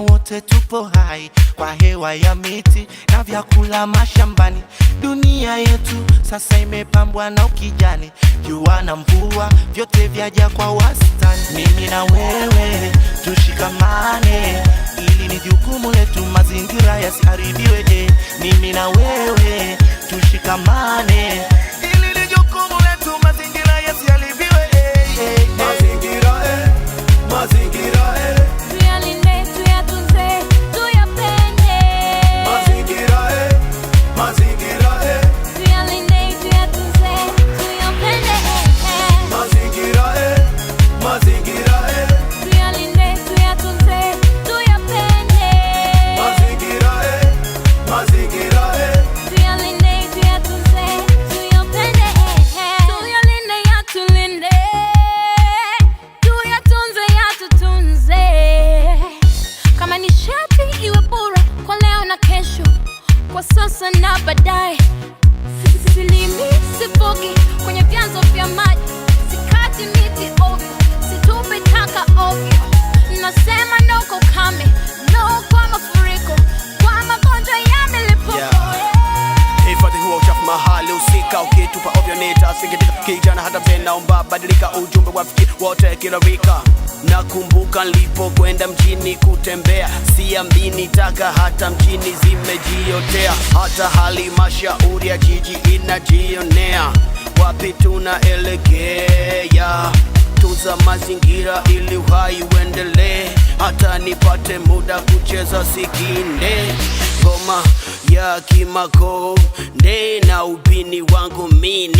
wote tupo hai kwa hewa ya miti na vyakula mashambani. Dunia yetu sasa imepambwa na ukijani, jua na mvua vyote vyaja kwa wastani. Mimi na wewe tushikamane, ili ni jukumu letu mazingira yasiharibiwe. Mimi na wewe tushikamane kwa sasa na baadaye. Silimi sivuki kwenye vyanzo vya maji, sikati miti ovyo, situpi taka ovyo. Nasema no kwa ukame, no kwa mafuriko, kwa magonjwa ya milipuko. Hifadhi huo uchafu mahali usika, ukitupa ovyo nitasingitika na hata vile naomba badilika, ujumbe wafikie wote kila Nakumbuka nlipokwenda mjini kutembea, siamini taka hata mjini zimejiotea, hata hali mashauri ya jiji inajionea wapi tunaelekea. tuza mazingira ili uhai uendelee, hata nipate muda kucheza sikinde goma ya Kimakonde na ubini wangu mini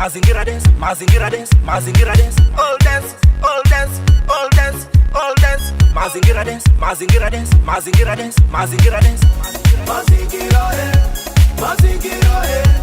Mazingira dance, mazingira dance, mazingira dance, all dance, all dance, all dance, all dance. Mazingira dance, mazingira dance, mazingira dance, mazingira dance. Mazingira dance, eh, mazingira dance. Eh.